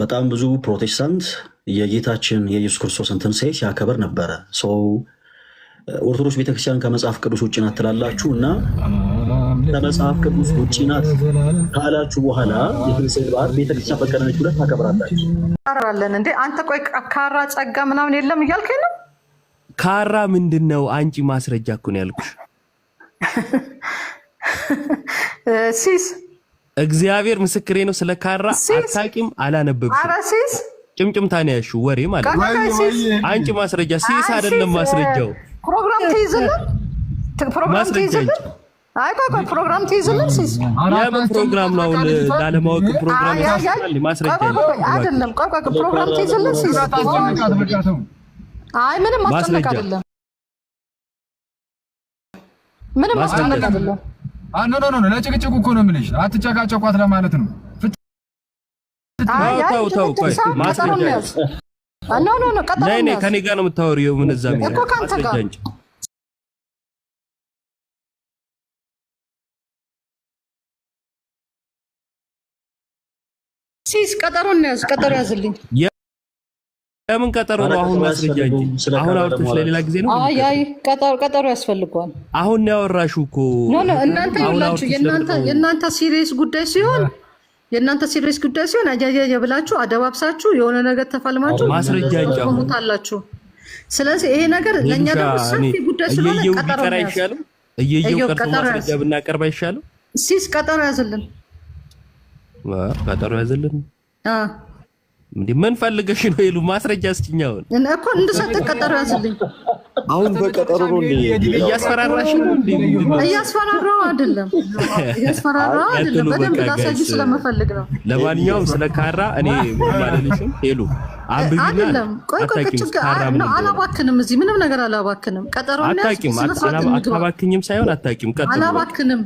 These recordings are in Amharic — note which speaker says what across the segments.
Speaker 1: በጣም ብዙ ፕሮቴስታንት የጌታችን የኢየሱስ ክርስቶስን ትንሣኤ ሲያከብር ነበረ። ሰው ኦርቶዶክስ ቤተክርስቲያን ከመጽሐፍ ቅዱስ ውጭ ናት ትላላችሁ እና ከመጽሐፍ ቅዱስ ውጭ ናት ካላችሁ በኋላ የትንሣኤ በዓል ቤተክርስቲያን በቀናች ሁለት ታከብራላችሁ።
Speaker 2: ራለን እንዴ አንተ ቆይ ካራ ጸጋ ምናምን የለም እያልከኝ ነው?
Speaker 1: ካራ ምንድን ነው? አንቺ ማስረጃ እኮ ነው ያልኩሽ ሲስ እግዚአብሔር ምስክሬ ነው። ስለ ካራ አታቂም አላነበብሽም። ጭምጭምታ ነው ያልሽው ወሬ ማለት
Speaker 2: ነው።
Speaker 1: አንቺ ማስረጃ ሲስ አይደለም ማስረጃው
Speaker 2: ፕሮግራም ትይዝልን ፕሮግራም ትይዝልን ፕሮግራም ትይዝልን ሲስ
Speaker 1: ያምን ፕሮግራም ነው ላለማወቅ ፕሮግራም ያሳስራል። ማስረጃ
Speaker 2: አይደለም ፕሮግራም ትይዝልን ሲስ አይ ምንም ማስጨነቅ አይደለም። ምንም ማስጨነቅ አይደለም።
Speaker 3: አኖ ኖ ኖ ኖ ለጭቅጭቁ እኮ ነው የምልሽ። አትጨቃጨቋት ለማለት ነው።
Speaker 2: ከኔ
Speaker 1: ጋር ነው የምታወሪው። ምን እዛ
Speaker 2: ሲስ ቀጠሮ ነው ያዝ ቀጠሮ ያዝልኝ
Speaker 1: ለምን ቀጠሮ ነው? አሁን ማስረጃ እንጂ አሁን አውርተሽ ለሌላ ጊዜ ነው።
Speaker 2: አይ አይ ቀጠሮ ቀጠሮ ያስፈልገዋል።
Speaker 1: አሁን ነው ያወራሽው እኮ
Speaker 2: ኖ ኖ እናንተ ይላችሁ የእናንተ የእናንተ ሲሪየስ ጉዳይ ሲሆን የእናንተ ሲሪየስ ጉዳይ ሲሆን አጃጃ ብላችሁ አደባብሳችሁ የሆነ ነገር ተፋልማችሁ
Speaker 1: ማስረጃ እንጂ
Speaker 2: አሁን ታላችሁ። ስለዚህ ይሄ ነገር ለእኛ ደግሞ ሰፊ ጉዳይ ስለሆነ
Speaker 1: ቀጠሮ አይሻልም? እየየው ቀጠሮ ማስረጃ ብናቀርብ አይሻልም?
Speaker 2: ሲስ ቀጠሮ ያዝልን፣
Speaker 1: ቀጠሮ ያዝልን። አዎ ምን ፈልገሽ ነው ይሉ ማስረጃ እስኪኝ። አሁን
Speaker 2: እኔ እኮ እንድሰጥህ ቀጠሮ ያዝልኝ።
Speaker 1: አሁን በቀጠሮ ነው እያስፈራራሽ ነው።
Speaker 2: እያስፈራራው አይደለም፣ እያስፈራራው አይደለም። በደንብ ላሳይ ስለምፈልግ ነው።
Speaker 1: ለማንኛውም ስለ ካራ እኔ ማለልሽም ሉ አይደለም።
Speaker 2: ቆይ ቆይ፣ አላባክንም፣ እዚህ ምንም ነገር አላባክንም። ቀጠሮ አታውቂም፣
Speaker 1: አታባክኝም ሳይሆን አታውቂም።
Speaker 2: ቀጠሮ አላባክንም።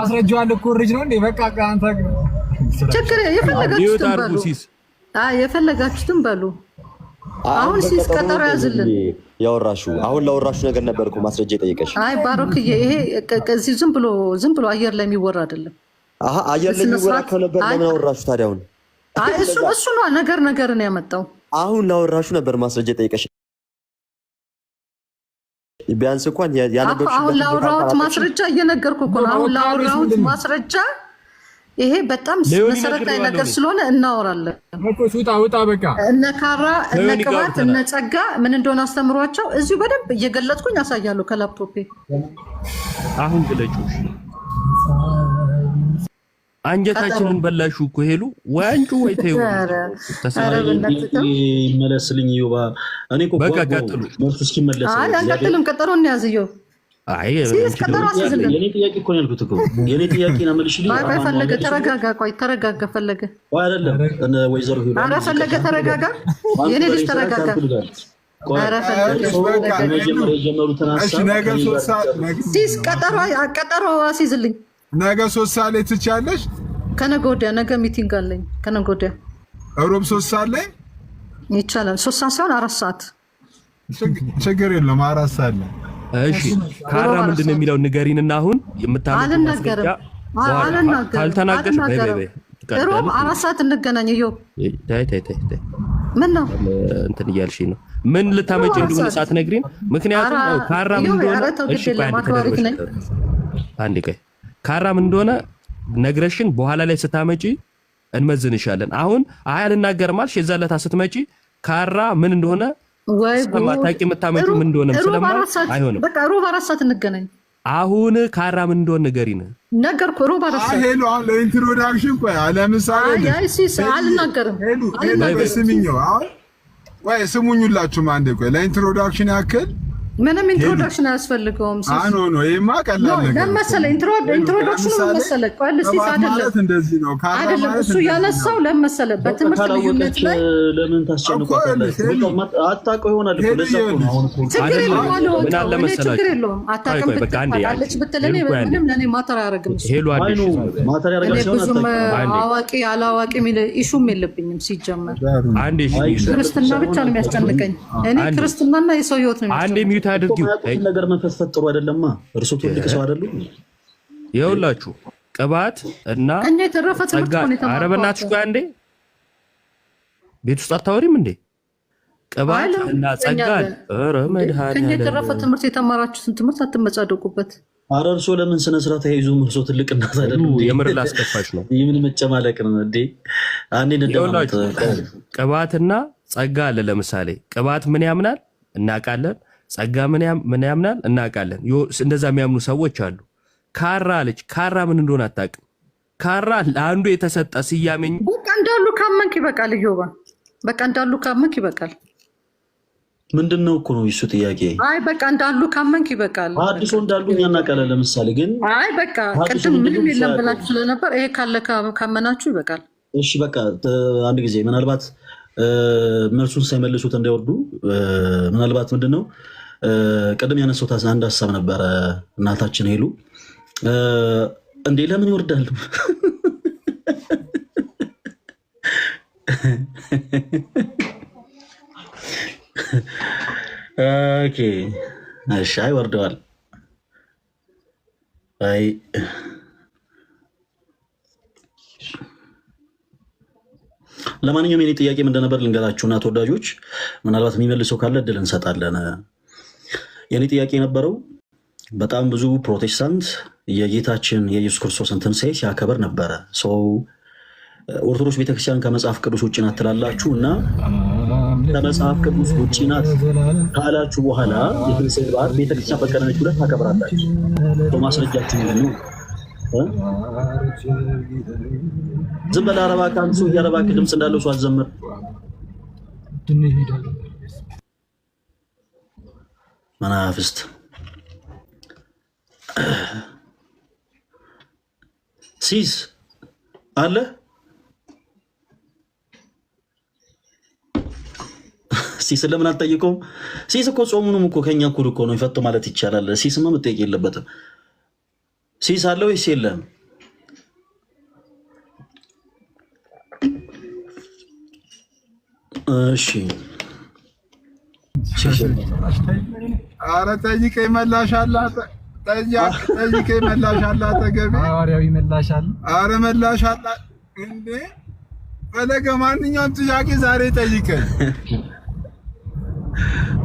Speaker 3: ማስረጃዋን እኮ ሪጅ ነው እንዴ? በቃ አንተ
Speaker 2: ችግር የፈለጋችሁ ትባሉ የፈለጋችሁትን በሉ። አሁን ሲስ ቀጠሮ ያዝልን።
Speaker 1: ያወራሹ አሁን ላወራሹ ነገር ነበር እኮ ማስረጃ የጠየቀሽ።
Speaker 2: አይ ባሮክዬ፣ ይሄ እዚህ ዝም ብሎ ዝም ብሎ አየር ላይ የሚወራ አይደለም።
Speaker 1: አየር ላይ የሚወራ ከነበር ለምን አወራሹ ታዲያ?
Speaker 2: አሁን እሱ እሱ ነገር ነገርን ያመጣው
Speaker 1: አሁን ላወራሹ ነበር ማስረጃ የጠየቀሽ። ቢያንስ እንኳን
Speaker 2: ያነበብሽ አሁን ላወራሁት ማስረጃ እየነገርኩ እኮ ነው። አሁን ላወራሁት ማስረጃ ይሄ በጣም መሰረታዊ ነገር ስለሆነ እናወራለን።
Speaker 3: ውጣ ውጣ በቃ
Speaker 2: እነ ካራ እነ ቅባት እነ ጸጋ ምን እንደሆነ አስተምሯቸው እዚሁ በደንብ እየገለጥኩኝ አሳያለሁ ከላፕቶፔ።
Speaker 1: አሁን ግለጩ። አንጀታችንን በላሹ እኮ ሄሉ ወይ አንጩ ወይ ተይው ይመለስልኝ። በቃ ቀጥሉ። መልሱ እስኪመለስ
Speaker 2: አንቀጥልም። ቀጠሮ እንያዝየው የኔ ጥያቄ ነው ፈለገ ተረጋጋ፣ ቆይ ተረጋጋ። ፈለገ
Speaker 1: አይደለም ወይዘሮ
Speaker 2: ኧረ ፈለገ ተረጋጋ፣ የኔ ልጅ ተረጋጋ። ቀጠሮ አስይዝልኝ።
Speaker 3: ነገ ሶስት ሰዓት ላይ ትችያለሽ?
Speaker 2: ከነገ ወዲያ ነገ ሚቲንግ አለኝ። ከነገ ወዲያ
Speaker 3: ሮብ ሶስት ሰዓት ላይ
Speaker 2: ይቻላል። ሶስት ሰዓት ሳይሆን አራት ሰዓት
Speaker 3: ችግር የለውም። አራት ሰዓት ላይ
Speaker 1: እሺ ካራ ምንድን ነው የሚለው ንገሪንና አሁን የምታመጣው
Speaker 2: አራት ሰዓት እንገናኝ
Speaker 1: እያልሽ ነው ምን እንደሆነ ሳትነግሪን ምክንያቱም ካራ ምን እንደሆነ ነግረሽን በኋላ ላይ ስታመጪ እንመዝንሻለን አሁን አይ አልናገርም አልሽ የዛን ስትመጪ ካራ ምን እንደሆነ ስለማታውቂ የምታመጪው ምን እንደሆነ
Speaker 2: አይሆንም። በቃ ሮብ አራት ሰዓት እንገናኝ።
Speaker 1: አሁን ካራ ምን እንደሆነ ንገሪን።
Speaker 2: ነገርኩ። ሮብ አራት ሰዓት
Speaker 3: ሄሎ። አሁን ለኢንትሮዳክሽን ቆይ፣ ለምሳሌ
Speaker 2: አልናገርም።
Speaker 3: ስሚኝ፣ ስሙኙላችሁም አንዴ ቆይ፣ ለኢንትሮዳክሽን ያክል
Speaker 2: ምንም ኢንትሮዳክሽን አያስፈልገውም።
Speaker 3: ኖ ይህማ ቀላል
Speaker 2: ነገር መሰለህ። ኢንትሮዳክሽኑ መሰለህ ቆልሲስ እሱ ያነሳው ለመሰለ በትምህርት
Speaker 1: ልዩነት ላይ ለምን አታውቀው ይሆናል። ችግር የለውም፣
Speaker 2: ችግር የለውም። አታውቅም ምንም ለእኔ ማተር አያደርግም። እኔ ብዙም አዋቂ አላዋቂ ኢሹም የለብኝም። ሲጀመር ክርስትና ብቻ ነው የሚያስጨንቀኝ። እኔ ክርስትናና የሰው ህይወት
Speaker 1: ነው እንዴት አድርጊው ነገር መንፈስ ፈጥሮ አይደለማ። እርሱ ትልቅ ሰው አደሉ ይኸውላችሁ ቅባት እና ኧረ በእናትሽ ቆይ አንዴ፣ ቤት ውስጥ አታወሪም እንዴ? ቅባት እና ጸጋ ኧረ መድኃኒዓለም
Speaker 2: የተረፈ ትምህርት የተማራችሁትን ትምህርት አትመጻደቁበት።
Speaker 1: አረ እርሶ ለምን ስነ ስርዓት ተያይዞም እርሶ ትልቅ እናት አይደሉ? የምር ላስከፋሽ ነው። ይህምን መጨማለቅ ነው ቅባትና ጸጋ አለ። ለምሳሌ ቅባት ምን ያምናል እናውቃለን። ጸጋ ምን ያምናል እናውቃለን። እንደዛ የሚያምኑ ሰዎች አሉ። ካራ አለች። ካራ ምን እንደሆነ አታውቅም። ካራ ለአንዱ የተሰጠ ስያሜኝ
Speaker 2: በቃ እንዳሉ ካመንክ ይበቃል። ይሆባ በቃ እንዳሉ ካመንክ ይበቃል።
Speaker 1: ምንድን ነው እኮ ነው እሱ ጥያቄ።
Speaker 2: አይ በቃ እንዳሉ ካመንክ ይበቃል።
Speaker 1: አዲሶ እንዳሉ እኛ እናውቃለን። ለምሳሌ ግን
Speaker 2: አይ በቃ ቅድም ምንም የለም ብላችሁ ስለነበር ይሄ ካለ ካመናችሁ ይበቃል።
Speaker 1: እሺ በቃ አንድ ጊዜ ምናልባት መልሱን ሳይመልሱት እንዳይወርዱ ምናልባት ምንድን ነው ቅድም ያነሱት አንድ ሀሳብ ነበረ እናታችን ሄሉ እንዴ ለምን ይወርዳሉ? ኦኬ እሺ፣ አይ ወርደዋል። አይ ለማንኛውም የኔ ጥያቄ ምን እንደነበር ልንገራችሁ ተወዳጆች፣ ምናልባት የሚመልሰው ካለ እድል እንሰጣለን። የኔ ጥያቄ የነበረው በጣም ብዙ ፕሮቴስታንት የጌታችን የኢየሱስ ክርስቶስን ትንሳኤ ሲያከብር ነበረ። ሰው ኦርቶዶክስ ቤተክርስቲያን ከመጽሐፍ ቅዱስ ውጭ ናት ትላላችሁ እና ከመጽሐፍ ቅዱስ ውጭ ናት ካላችሁ በኋላ የትንሣኤ በዓል ቤተክርስቲያን በቀደመች ሁለት ታከብራላችሁ። በማስረጃችሁ ነው። ዝም በላ አረባ ከአንድ ሰው ድምፅ እንዳለው ሰው አዘምር መናፍስት ሲስ አለ ሲስ ለምን አልጠይቀውም? ሲስ እኮ ጾሙንም እኮ ከኛ እኩል እኮ ነው ይፈቱ ማለት ይቻላል። ሲስማ መጠየቅ የለበትም። ሲስ አለ ወይስ የለም? እሺ
Speaker 3: ኧረ ጠይቀኝ መላሽ አለ ጠይቀኝ መላሽ አለ አጠገቤ
Speaker 1: ሐዋርያዊ መላሽ አለ።
Speaker 3: ኧረ መላሽ አለ እንዴ ፈለገ፣ ማንኛውም ጥያቄ ዛሬ ጠይቀኝ።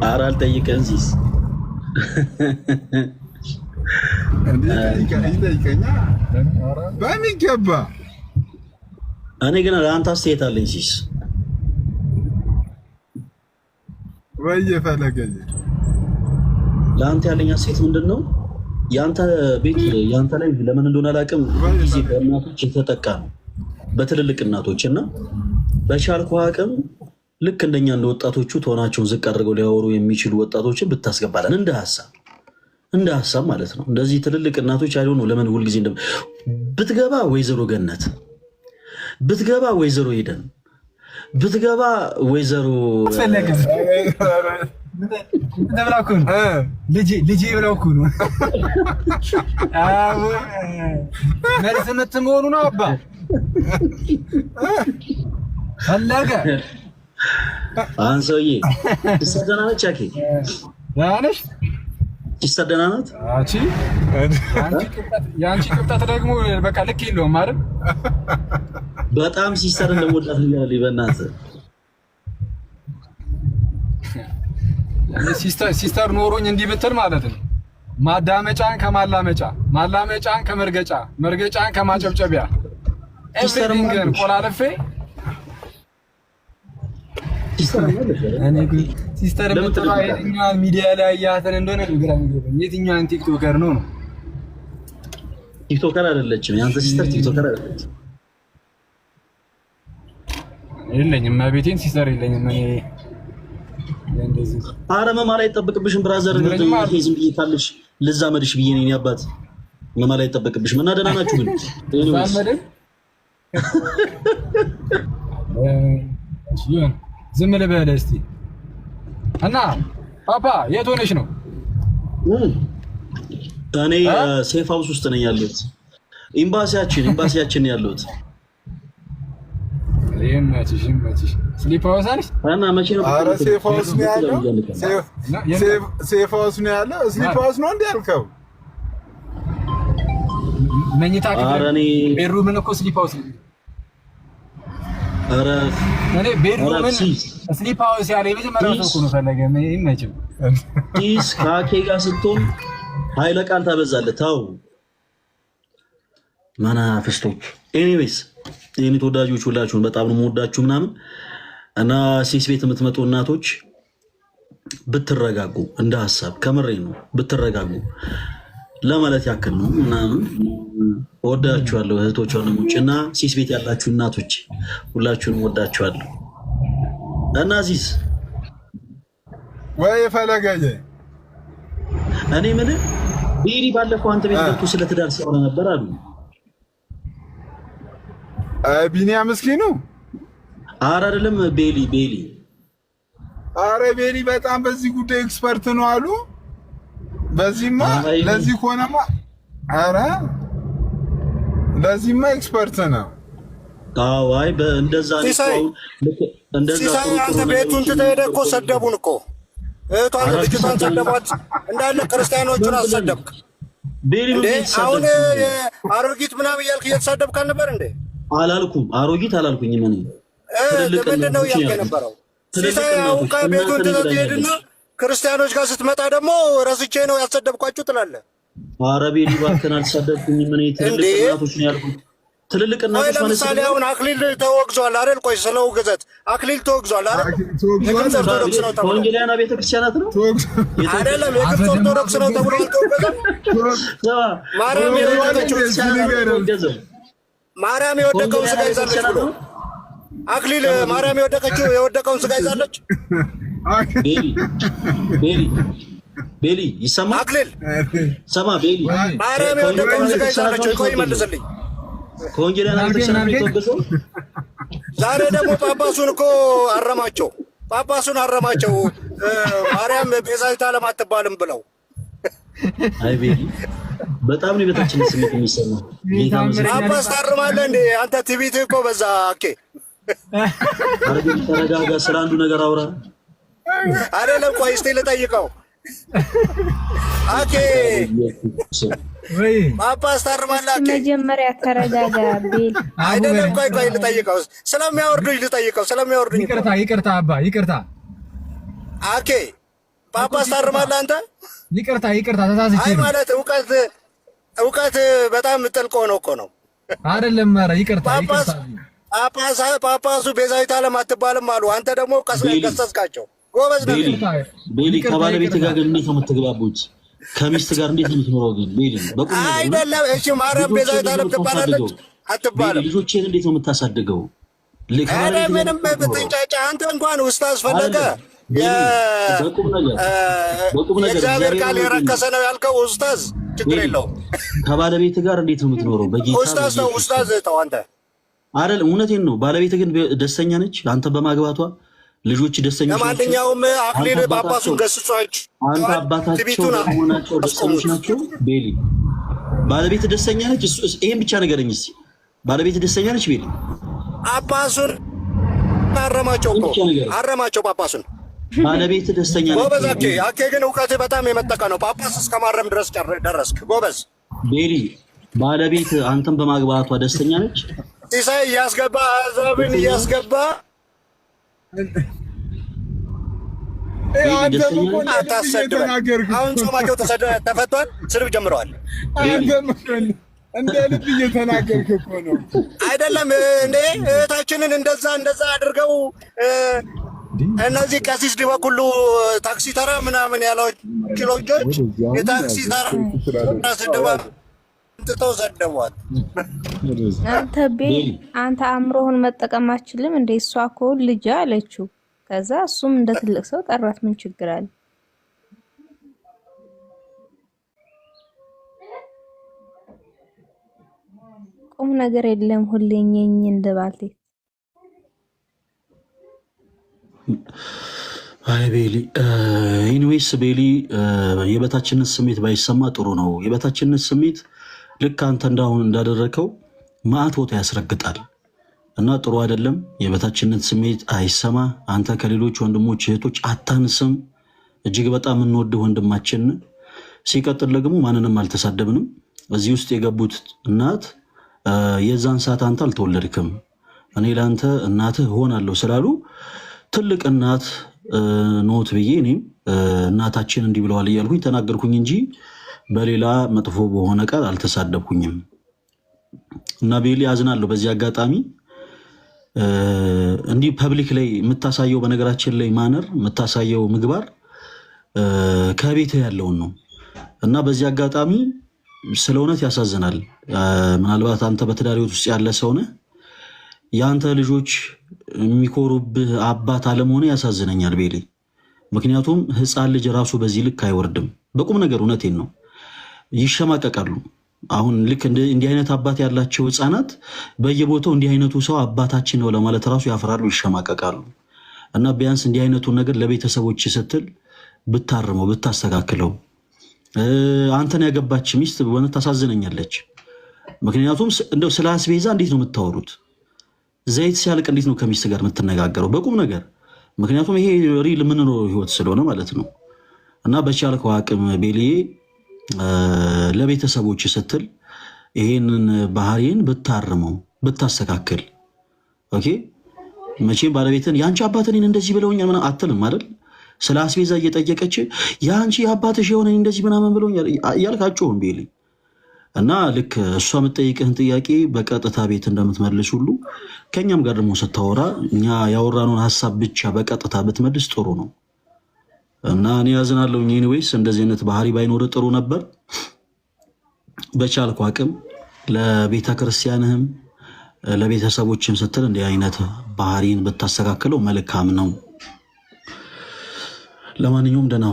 Speaker 1: ኧረ አልጠይቀኝ ሲስ
Speaker 3: በሚገባ
Speaker 1: እኔ ግን ለአንተ አስተያየት አለኝ ሲስ
Speaker 3: በየፈለገኝ
Speaker 1: ለአንተ ያለኝ ሴት ምንድን ነው? የአንተ ቤት የአንተ ላይ ለምን እንደሆነ አላውቅም፣ ጊዜ በእናቶች የተጠቃ ነው በትልልቅ እናቶች እና በቻልኩ አቅም ልክ እንደኛ እንደ ወጣቶቹ ቶናቸውን ዝቅ አድርገው ሊያወሩ የሚችሉ ወጣቶችን ብታስገባለን እንደ ሀሳብ እንደ ሀሳብ ማለት ነው። እንደዚህ ትልልቅ እናቶች ነው። ለምን ሁልጊዜ ብትገባ ወይዘሮ ገነት ብትገባ ወይዘሮ ሄደን ብትገባ ወይዘሮ
Speaker 3: ልጅ ብለው እኮ ነው መልስ ምት ነው። አባ ፈለገ
Speaker 1: አሁን ሰውዬ ትሰደናለች። አኬ ነሽ ትሰደናናት።
Speaker 3: የአንቺ ቅብጠት ደግሞ በቃ ልክ የለውም አይደል?
Speaker 1: በጣም ሲሰር እንደሞላት ይላል።
Speaker 3: በእናትህ ሲስተር ኖሮኝ እንዲህ ብትል ማለት ነው። ማዳመጫን ከማላመጫ፣ ማላመጫን ከመርገጫ፣ መርገጫን ከማጨብጨቢያ ኤቭሪቲንግን ቆላልፌ ሲስተር የምትለው የትኛዋን ሚዲያ ላይ ያተን እንደሆነ ግራ የሚገባኝ የትኛዋን ቲክቶከር ነው ነው
Speaker 1: ቲክቶከር አይደለችም። ያንተ ሲስተር ቲክቶከር አይደለችም።
Speaker 3: የለኝም ቤቴን ሲሰር የለኝም። እኔ
Speaker 1: አረ መማር አይጠበቅብሽም ብራዘር፣ ዝም ብዬ ካልሽ ልዛመድሽ ብዬ ነው። አባት መማር አይጠበቅብሽም እና ደህና ናችሁ ግን
Speaker 3: ዝም ልበል እስኪ። እና ፓፓ የት ሆነሽ ነው?
Speaker 1: እኔ ሴፍ ሀውስ ውስጥ ነኝ ያለሁት። ኤምባሲያችን ኤምባሲያችን ያለሁት
Speaker 3: ይመችሽ ይመችሽ። ስሊፕ ሃውስ አለሽ?
Speaker 1: ኧረ ሴፍ ነው ያለው። ሴፍ ነው
Speaker 3: ያለው። ስሊፕ ነው እንደ ያልከው መኝታ ክፍል እኮ ስሊፕ ነው። እኔ ቤድሩምን ስሊፕ ሃውስ ያለ የመጀመሪያው ሰው እኮ ነው ፈለገ። ይመችም
Speaker 1: ጢስ ከአኬ ጋር ስትሆን ኃይለ ቃል ታበዛለህ። ተው መናፍስቶች። ኤኒዌይስ የኔ ተወዳጆች ሁላችሁን በጣም ነው የምወዳችሁ ምናምን እና ሴስ ቤት የምትመጡ እናቶች ብትረጋጉ እንደ ሀሳብ ከምሬ ነው ብትረጋጉ ለማለት ያክል ነው ምናምን ወዳችኋለሁ። እህቶች ወንድሞች እና ሴስ ቤት ያላችሁ እናቶች ሁላችሁንም ወዳችኋለሁ። እና ዚዝ
Speaker 3: ወይ ፈለገኝ
Speaker 1: እኔ ምን ቤሪ ባለፈው አንተ ቤት ገብቶ ስለ ትዳር ሲሆነ ነበር አሉ
Speaker 3: ቢኒያ ምስኪ ነው።
Speaker 1: አረ አይደለም፣ ቤሊ ቤሊ።
Speaker 3: አረ ቤሊ በጣም በዚህ ጉዳይ ኤክስፐርት ነው አሉ። በዚህማ ለዚህ ሆነማ፣ አረ ለዚህማ ኤክስፐርት ነው።
Speaker 1: አዎ አይ እንደዛ
Speaker 2: እንደዛ አንተ ቤቱን እኮ ሰደቡን እኮ እህቷን ልጅቷን ሰደቧት እንዳለ ክርስቲያኖቹን አሰደብክ። አሁን አሮጊት ምናምን እያልክ እየተሳደብክ አልነበር እንዴ?
Speaker 1: አላልኩም። አሮጊት አላልኩኝ። ምን
Speaker 2: ምንድን ነው እያልክ ክርስቲያኖች ጋር ስትመጣ ደግሞ ረስቼ ነው ያሰደብኳችሁ ትላለህ።
Speaker 1: አረቤ ሊባክን አልሰደብኩኝ። ምን ትልልቅ ነው ያልኩት። ትልልቅ
Speaker 2: ለምሳሌ አሁን አክሊል ተወግዟል አይደል? ቆይ ስለው ግዘት አክሊል ተወግዟል አይደል? የግብፅ ኦርቶዶክስ ነው ተብሎ ወንጌላውያን ቤተ ነው አይደለም? የግብፅ ኦርቶዶክስ ነው ተብሎ አልተወገዘም። ማርያም ነው
Speaker 3: ክርስቲያናት
Speaker 2: ማርያም የወደቀውን ስጋ ይዛለች ብሎ አክሊል ማርያም የወደቀችው የወደቀውን ስጋ ይዛለች።
Speaker 1: ቤሊ ይሰማ አክሊል ሰማ ቤሊ
Speaker 2: ማርያም የወደቀውን ስጋ ይዛለች። ቆይ ይመልስልኝ።
Speaker 1: ከወንጌል የተወገዘው
Speaker 2: ዛሬ ደግሞ ጳጳሱን እኮ አረማቸው። ጳጳሱን አረማቸው። ማርያም ቤዛዊት ዓለም አትባልም ብለው
Speaker 1: አይ ቤሊ በጣም ነው የቤታችን ስሜት የሚሰማው።
Speaker 2: አባስ ታርማለህ እንዴ አንተ? ትቢት እኮ በዛ። ኦኬ
Speaker 1: አረግ ተረጋጋ። ስለ አንዱ ነገር አውራ።
Speaker 2: አይደለም ቆይ እስቲ ልጠይቀው። ኦኬ አባስ ታርማለህ? መጀመሪያ ተረጋጋ። አይደለም ቆይ ቆይ ልጠይቀው። ስለሚያወርዱኝ ልጠይቀው፣ ስለሚያወርዱኝ።
Speaker 3: ይቅርታ ይቅርታ፣ አባ ይቅርታ።
Speaker 2: አኬ ጳጳስ ታርማለህ አንተ?
Speaker 3: ይቅርታ ይቅርታ
Speaker 2: ተሳስቼ ነው። ማለት እውቀት እውቀት በጣም ጥልቅ ነው እኮ ነው
Speaker 3: አይደለም። ኧረ ይቅርታ
Speaker 2: ይቅርታ። ጳጳሱ ቤዛዊት ዓለም አትባልም አሉ። አንተ ደግሞ ቀሰስካቸው። ጎበዝ ነው።
Speaker 1: ቤሊ ከባለቤት ጋር ግን እንዴት ነው የምትግባቡት? ከሚስት ጋር እንዴት ነው የምትኖረው? ግን ቤሊ በቁም
Speaker 2: አይደለም። እሺ ማርያም ቤዛዊት ዓለም ትባላለች
Speaker 1: አትባልም? ልጆችን እንዴት ነው የምታሳድገው?
Speaker 2: ምንም ብትንጫጫ አንተ እንኳን ውስጥ አስፈለገ
Speaker 1: የእግዚአብሔር
Speaker 2: ቃል የረከሰ ነው ያልከው ኡስታዝ፣
Speaker 1: ችግር የለውም ከባለቤት ጋር እንዴት ነው የምትኖረው?
Speaker 2: በጌታ ኡስታዝ ነው ኡስታዝ ተው አንተ
Speaker 1: አይደል? እውነቴን ነው። ባለቤት ግን ደስተኛ ነች አንተ በማግባቷ ልጆች ደስተኞች
Speaker 2: ለማንኛውም አክሊል ጳጳሱን ገስጿች።
Speaker 1: አንተ አባታቸው ደስተኞች ናቸው። ቤሊ ባለቤት ደስተኛ ነች። ይሄን ብቻ ነገረኝ እስኪ። ባለቤት ደስተኛ ነች ቤሊ?
Speaker 2: ጳጳሱን አረማቸው አረማቸው ጳጳሱን
Speaker 1: ባለቤት ደስተኛ
Speaker 2: ጎበዝ። አኬ አኬ ግን እውቀት በጣም የመጠቀ ነው። ጳጳስ እስከ ማረም ድረስ ደረስክ። ጎበዝ
Speaker 1: ቤሪ። ባለቤት አንተም በማግባቷ ደስተኛ ነች።
Speaker 2: ሲሳይ እያስገባ አዛብን እያስገባ አሁን ጾማቸው ተፈቷል፣ ስድብ ጀምረዋል።
Speaker 3: እንደ ልብ እየተናገርክ እኮ ነው
Speaker 2: አይደለም እንዴ? እህታችንን እንደዛ እንደዛ አድርገው እነዚህ ቀሲስ ዲበኩሉ ታክሲ ተራ ምናምን ያላቸው ልጆች የታክሲ ተራ ስድባ ጥተው ዘደቧት። አንተ ቤ አንተ አእምሮህን መጠቀም አችልም እንደ እሷ እኮ ልጅ አለችው። ከዛ እሱም እንደ ትልቅ ሰው ጠራት። ምን ችግር አለ? ቁም ነገር የለም ሁሌ ኘኝ
Speaker 1: አይ ቤሊ ኢንዌይስ ቤሊ የበታችነት ስሜት ባይሰማ ጥሩ ነው። የበታችነት ስሜት ልክ አንተ እንዳሁን እንዳደረከው ማአት ቦታ ያስረግጣል እና ጥሩ አይደለም። የበታችነት ስሜት አይሰማ። አንተ ከሌሎች ወንድሞች እህቶች አታንስም። እጅግ በጣም እንወድህ ወንድማችን። ሲቀጥል ደግሞ ማንንም አልተሳደብንም። እዚህ ውስጥ የገቡት እናት የዛን ሰዓት አንተ አልተወለድክም፣ እኔ ለአንተ እናትህ እሆናለሁ ስላሉ ትልቅ እናት ኖት ብዬ እኔም እናታችን እንዲህ ብለዋል እያልኩኝ ተናገርኩኝ እንጂ በሌላ መጥፎ በሆነ ቃል አልተሳደብኩኝም። እና ቤሊ አዝናለሁ። በዚህ አጋጣሚ እንዲህ ፐብሊክ ላይ የምታሳየው በነገራችን ላይ ማነር የምታሳየው ምግባር ከቤት ያለውን ነው እና በዚህ አጋጣሚ ስለ እውነት ያሳዝናል። ምናልባት አንተ በትዳሪዎት ውስጥ ያለ ሰውነ የአንተ ልጆች የሚኮሩብህ አባት አለመሆነ ያሳዝነኛል ቤሌ። ምክንያቱም ህፃን ልጅ ራሱ በዚህ ልክ አይወርድም። በቁም ነገር እውነቴን ነው፣ ይሸማቀቃሉ። አሁን ልክ እንዲህ አይነት አባት ያላቸው ህፃናት በየቦታው እንዲህ አይነቱ ሰው አባታችን ነው ለማለት ራሱ ያፈራሉ፣ ይሸማቀቃሉ። እና ቢያንስ እንዲህ አይነቱን ነገር ለቤተሰቦች ስትል ብታርመው ብታስተካክለው። አንተን ያገባች ሚስት በእውነት ታሳዝነኛለች። ምክንያቱም እንደው ስለ አስቤዛ እንዴት ነው የምታወሩት? ዘይት ሲያልቅ እንዴት ነው ከሚስት ጋር የምትነጋገረው? በቁም ነገር። ምክንያቱም ይሄ ሪል የምንኖረው ህይወት ስለሆነ ማለት ነው። እና በቻልከው አቅም ቤልዬ ለቤተሰቦች ስትል ይሄንን ባህሪን ብታርመው ብታስተካክል። ኦኬ መቼም ባለቤትን የአንቺ አባት እኔን እንደዚህ ብለውኛል ምናምን አትልም አይደል? ስለ አስቤዛ እየጠየቀች የአንቺ አባትሽ የሆነ እንደዚህ ምናምን ብለውኛል እያልክ አጮህም ቤልዬ እና ልክ እሷ የምጠይቅህን ጥያቄ በቀጥታ ቤት እንደምትመልስ ሁሉ ከእኛም ጋር ደግሞ ስታወራ እኛ ያወራነውን ሀሳብ ብቻ በቀጥታ ብትመልስ ጥሩ ነው። እና እኔ ያዝናለሁ። ኒኒዌይስ እንደዚህ አይነት ባህሪ ባይኖር ጥሩ ነበር። በቻልኩ አቅም ለቤተ ክርስቲያንህም ለቤተሰቦችም ስትል እንዲህ አይነት ባህሪን ብታስተካክለው መልካም ነው። ለማንኛውም ደህና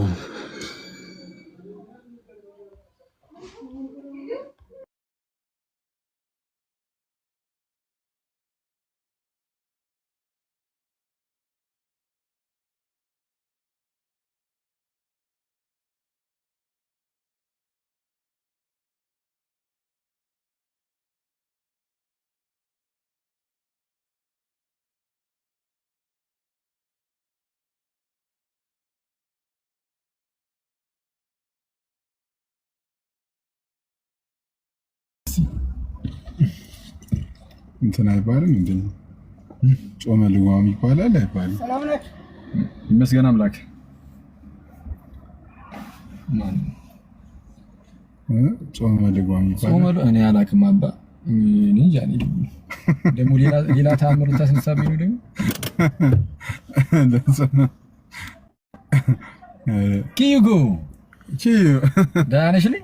Speaker 3: እንትን አይባልም እንዴ? ጾመ ልጓም ይባላል አይባልም? ይመስገን አምላክ። ጾመ ልጓም ይባላል። እኔ አላውቅም አባ። ደግሞ ሌላ ተአምር ታስነሳብ ነው ደግሞ ኪዩጎ ኪዩ ልኝ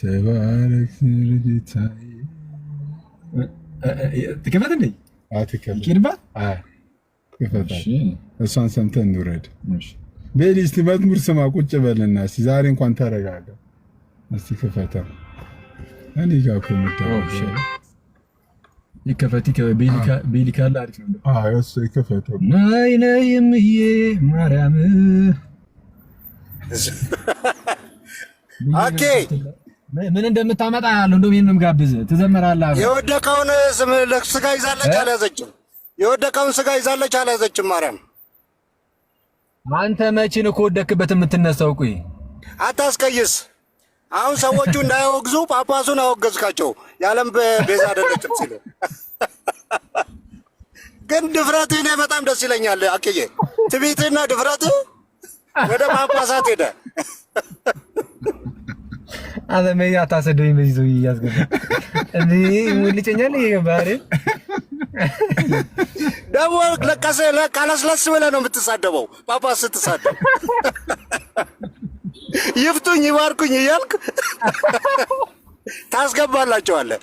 Speaker 3: ተባረክ ልጅታይ ትክፈት እንደ አትከልባት ትክፈታል። እሷን ሰምተን እንውረድ። ቤሊ እስቲ መዝሙር ስማ፣ ቁጭ በልና ዛሬ እንኳን ተረጋጋ። እስቲ ክፈታ። እኔ ጋ ይከፈት ካለ አሪፍ ነው። እሱ ይከፈተው።
Speaker 1: ነይ ነይ እምዬ ማርያም ኦኬ ምን እንደምታመጣ ያለው እንደው ይሄንም ጋብዝ ትዘምራለህ።
Speaker 2: የወደቀውን ስም ስጋ ይዛለች አልያዘችም። የወደቀውን ስጋ ይዛለች አልያዘችም። ማርያም
Speaker 1: አንተ መቼን እኮ ወደክበት የምትነሳው? ቁይ
Speaker 2: አታስቀይስ። አሁን ሰዎቹ እንዳያወግዙ ጳጳሱን አወገዝካቸው። የዓለም ቤዛ አይደለችም ሲሉ ግን ድፍረት እኔ በጣም ደስ ይለኛል አክዬ። ትቢትና ድፍረት ወደ ጳጳሳት ሄደ።
Speaker 1: አንተ አታሰደኝ። በዚህ ሰው እያስገባ ይሄ ይገባል።
Speaker 2: ደግሞ ለቀሰ ለቃለስለስ ብለህ ነው የምትሳደበው። ጳጳስ ስትሳደብ ይፍቱኝ ይባርኩኝ እያልክ ታስገባላቸዋለህ።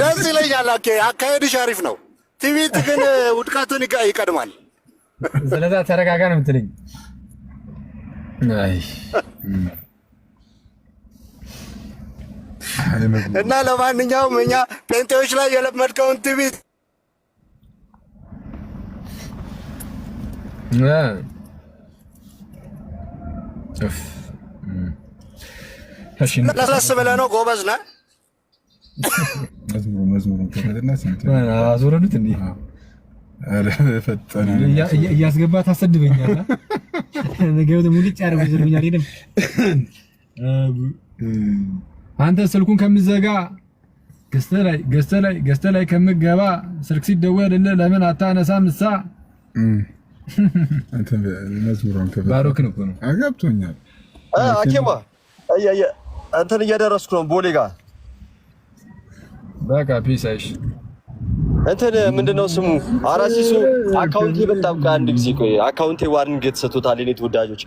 Speaker 2: ደስ ይለኛል። አካሄድሽ አሪፍ ነው። ትዕቢት ግን ውድቀቱን ይቀድማል።
Speaker 1: ስለዛ ተረጋጋ ነው የምትለኝ።
Speaker 2: እና ለማንኛውም እኛ ፔንቴዎች ላይ የለመድከውን ትቢት ለስለስ ብለህ ነው። ጎበዝ ነህ።
Speaker 1: እያስገባ ታሰድበኛል። አንተ ስልኩን ከምዘጋ ገዝተህ ላይ ከምገባ ስልክ ሲደወልልህ ለምን አታነሳ ምሳ ባሮክ ነው ነው
Speaker 3: አገብቶኛል።
Speaker 2: አኬማ እንትን እያደረስኩ ነው ቦሌ ጋር
Speaker 1: በቃ ፒስ አይሽ
Speaker 2: እንትን ምንድነው ስሙ አራሲሱ አካውንቴ በጣም አንድ ጊዜ ቆይ አካውንቴ ዋርኒንግ የተሰቶታል የኔ ተወዳጆች